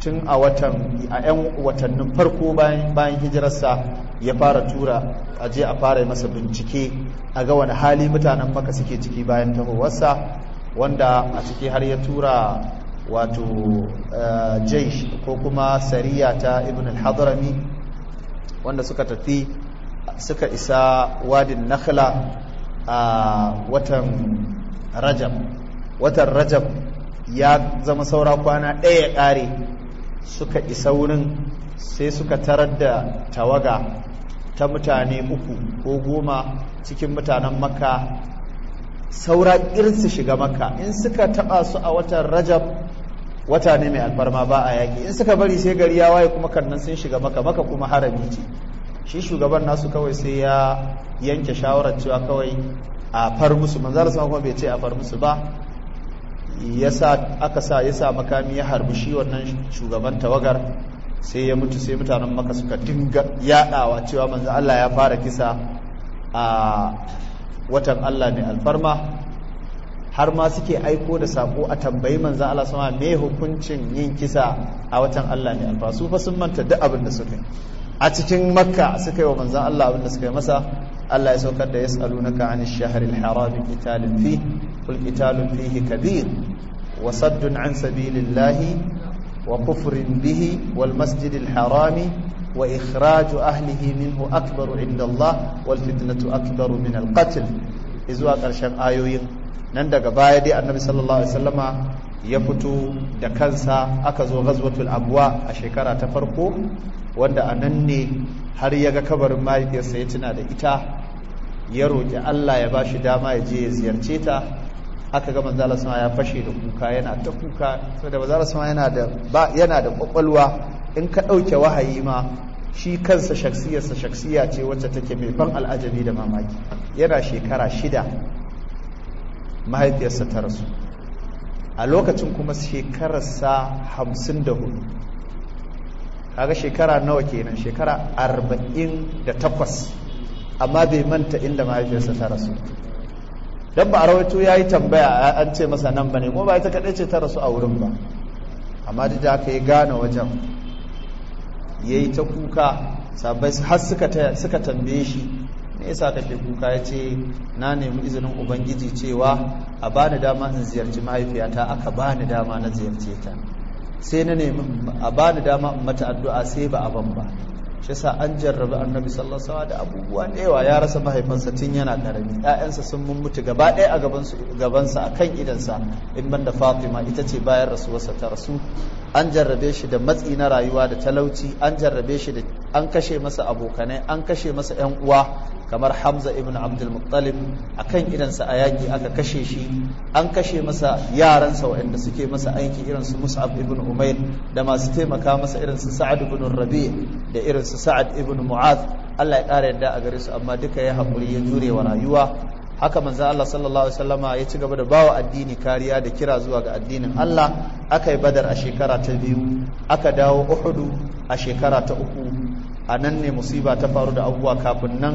tun a watan a yan watannin farko bayan hijirarsa ya fara tura a je a fara masa bincike a ga wani hali mutanen maka suke ciki bayan tahowarsa wanda a ciki har ya tura wato eh, jaish ko kuma sariya ta ibn al-hadrami wanda suka tafi suka isa wadin nakhla a watan rajab watan rajab ya zama saura kwana ɗaya ya ƙare suka isa wurin sai suka tarar da tawaga ta mutane uku ko goma cikin mutanen makka saura su shiga makka in suka taɓa su a watan rajab wata ne mai alfarma ba a yaki in suka bari sai gari ya waye kuma kannan sun shiga maka maka kuma harami ce shi shugaban nasu kawai sai ya yanke shawarar cewa kawai a far musu manzar sama kuma bai ce a far musu ba yasa aka sa yasa makami ya harbi shi wannan shugaban tawagar sai ya mutu sai mutanen maka suka dinga yadawa cewa manzo Allah ya fara kisa a watan Allah ne alfarma har ma suke aiko da sako a tambayi manzo Allah sama me hukuncin yin kisa a watan Allah ne alfarma su fa sun manta duk abin da suka yi a cikin makka suka yi wa manzo Allah abin da suka yi masa Allah ya saukar da yas'alunaka na shahril haram qitalun fihi fi qitalun fihi kabir wa saddun 'an sabilillahi wa kufurin bihi wal masjidil harami wa ikhraju ahlihi minhu akbaru 'inda Allah wal fitnatu akbaru min al izuwa zuwa ƙarshen ayoyin nan daga baya dai annabi sallallahu alaihi wasallama ya fito da kansa aka zo ghazwatul abwa a shekara ta farko wanda a nan ne har ya ga kabarin mahaifiyarsa ya tuna da ita ya roƙi Allah ya ba shi dama ya je ya ziyarce ta aka ga manzala sama ya fashe da kuka yana ta kuka saboda manzala sama yana da ba yana da kwakwalwa in ka ɗauke wahayi ma shi kansa shaksiyarsa shaksiya ce wacce take mai ban al'ajabi da mamaki yana shekara shida mahaifiyarsa ta rasu a lokacin kuma shekararsa hamsin da hudu kaga shekara nawa kenan shekara arba'in da takwas amma bai manta inda mahaifiyarsa ta rasu dan ba a rawaito yi tambaya an ce masa nan ba ne ko ba ita kadai ce ta rasu a wurin ba amma duk da aka yi gane wajen ya yi ta kuka sabai har suka tambaye shi me yasa kake kuka ya ce na nemi izinin ubangiji cewa a bani dama in ziyarci mahaifiyata aka bani dama na ziyarce ta sai na nemi a bani dama in mata addu'a sai ba a ban ba shi sa an jarrabi annabi sallallahu alaihi da abubuwa da yawa ya rasa mahaifansa tun yana karami ƴaƴansa sun mutu gaba ɗaya a gaban su gaban sa akan idansa in ban da Fatima ita ce bayan rasuwarsa ta rasu an jarrabe shi da matsi na rayuwa da talauci an jarrabe shi da an kashe masa abokanai an kashe masa yan uwa kamar hamza ibn abdul muttalib a kan idansa a yaƙi aka kashe shi an kashe masa yaransa waɗanda suke masa aiki irinsu mus'ab ibn umair da masu taimaka masa irinsu sa'ad ibn rabi da irinsu sa'ad ibn mu'az allah ya ƙara yadda a gare su amma duka ya haƙuri ya jure wa rayuwa haka manzo Allah sallallahu alaihi wasallama ya ci gaba da bawa addini kariya da kira zuwa ga addinin Allah aka yi badar a shekara ta biyu aka dawo uhudu a shekara ta uku a nan ne musiba ta faru da abubuwa kafin nan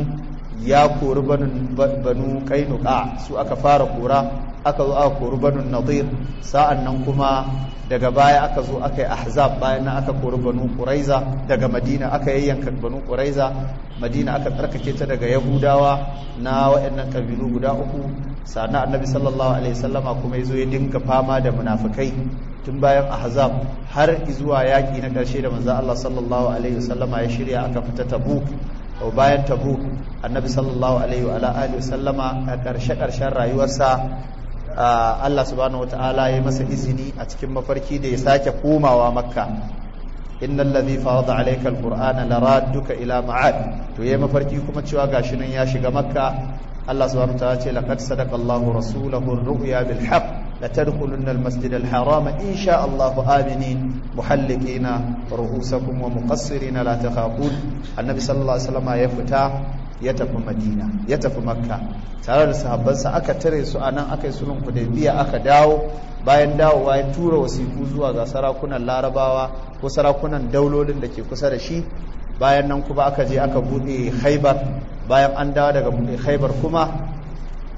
ya kori banu kainuka su aka fara kora aka zo aka kori banu nadir sa'an nan kuma daga baya aka zo aka yi ahzab bayan nan aka kori banu kuraiza daga madina aka yayyanka banu kuraiza madina aka tsarkake ta daga yahudawa na waɗannan kabilu guda uku na annabi sallallahu alaihi sallama kuma ya zo ya dinga fama da munafikai tun bayan ahzab har zuwa yaƙi na ƙarshe da manzo Allah sallallahu alaihi wasallama ya shirya aka fita tabuk to bayan tabuk annabi sallallahu alaihi wa alihi wasallama a ƙarshe ƙarshen rayuwarsa Allah subhanahu wataala ya masa izini a cikin mafarki da ya sake komawa makka inna allazi farada alayka alqur'ana laradduka ila ma'ad to yayi mafarki kuma cewa gashi nan ya shiga makka Allah subhanahu wataala ce laqad sadaqa Allahu rasulahu ar-ru'ya bil haqq لتدخلن المسجد الحرام إن شاء الله آمنين محلقين رؤوسكم ومقصرين لا تخافون النبي صلى الله عليه وسلم يفتح ya tafi madina ya tafi makka tare da sahabbansa aka tare su a nan aka yi sulhun aka dawo bayan dawowa ya tura wasiku zuwa ga sarakunan larabawa ko sarakunan daulolin da ke kusa da shi bayan nan kuma aka je aka buɗe haibar bayan an dawo daga buɗe haibar kuma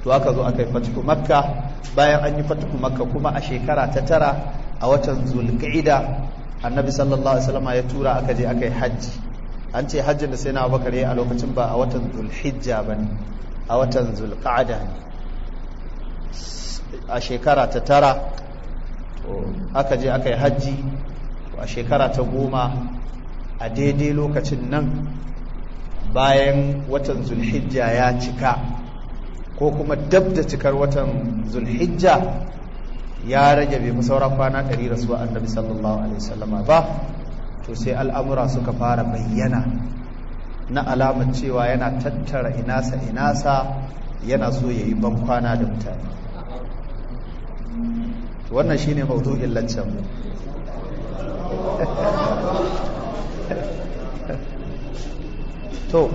to aka zo aka yi fatiku makka bayan an yi fatiku makka kuma a shekara ta tara a watan zulqa'ida annabi sallallahu alaihi wasallam ya tura aka je aka yi hajji an ce hajjin da sai na abubakar ya a lokacin ba a watan zulhijja ba ne a watan zulqa'ada ne a shekara ta tara to aka je aka yi hajji a shekara ta goma a daidai lokacin nan bayan watan zulhijja ya cika ko kuma dab da cikar watan zulhijja ya rage bai saura kwana ɗari rasuwa annabi sallallahu alaihi sallama ba to sai al'amura suka fara bayyana na alamar cewa yana tattara inasa inasa yana so ya yi ban kwana da mutane wannan shine mawdu'in laccan mu [laughs] to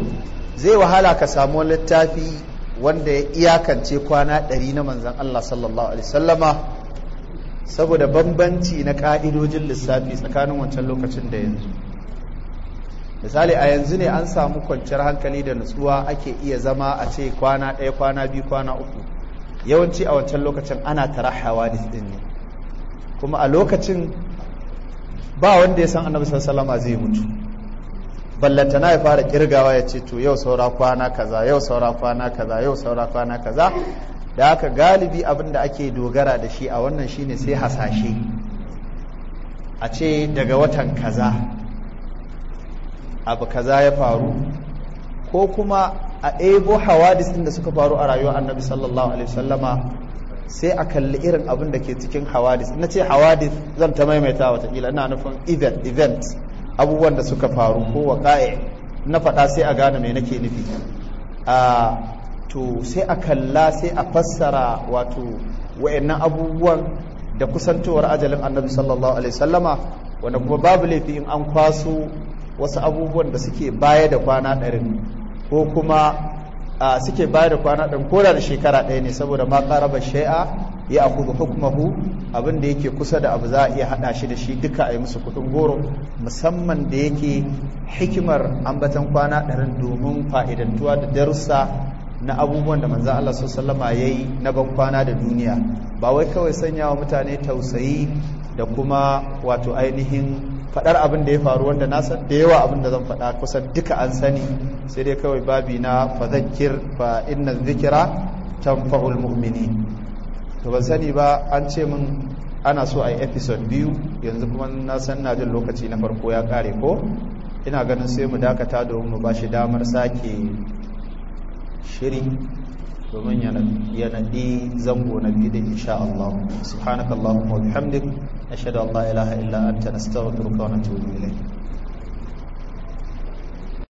zai wahala ka samu littafi wanda ya iyakance kwana ɗari na manzan Allah sallallahu alaihi sallama saboda bambanci na ƙa'idojin lissafi tsakanin wancan lokacin da yanzu misali a yanzu ne an samu kwanciyar hankali da nutsuwa ake iya zama a ce kwana ɗaya kwana biyu kwana uku yawanci a wancan lokacin ana tarahawa da ɗin ne kuma a lokacin ba wanda ya san annabi sallallahu alaihi wasallam zai mutu na ya fara kirgawa ya ce to yau saura kwana kaza yau saura kwana kaza yau saura kwana kaza da haka galibi abin da ake dogara da shi a wannan shine sai hasashe a ce daga watan kaza abu kaza ya faru ko kuma a ebo hawadis din da suka faru a rayuwar annabi sallallahu alaihi wasallama sai a kalli irin abin da ke cikin hawadis na ce hawadis zan ta maimaita watakila ina nufin event event abubuwan da suka faru ko ƙa'e na faɗa sai a gane mai nake nufi a to sai a kalla sai a fassara wato wa'annan abubuwan da kusantowar ajalin annabi sallallahu alaihi sallama wanda kuma babu laifi in an kwaso wasu abubuwan da suke baya da kwana ɗarin ko kuma suke baya da kwana ɗarin ko da shekara ɗaya ne saboda ma ƙaraba shai'a ya akudu hukumahu abinda yake kusa da abu za a iya hada shi da shi duka a yi musu kudin goro musamman da yake hikimar ambatan kwana ɗarin domin fa'idantuwa da darussa na abubuwan da manzan Allah su salama ya yi na ban kwana da duniya ba wai kawai sanya wa mutane tausayi da kuma wato ainihin faɗar abin da ya faru wanda na san da yawa abin da zan faɗa kusan duka an sani sai dai kawai babi na fadhakkir fa inna zikira tanfa'ul mu'minin to ban sani ba an ce min ana so a yi episode biyu yanzu kuma na san na jin lokaci na farko ya kare ko ina ganin sai mu dakata domin mu ba shi damar sake shiri domin yanadi zango na biyu da insha Allah subhanakallahumma wa bihamdik ashhadu an la ilaha illa anta nastaghfiruka wa natubu ilayk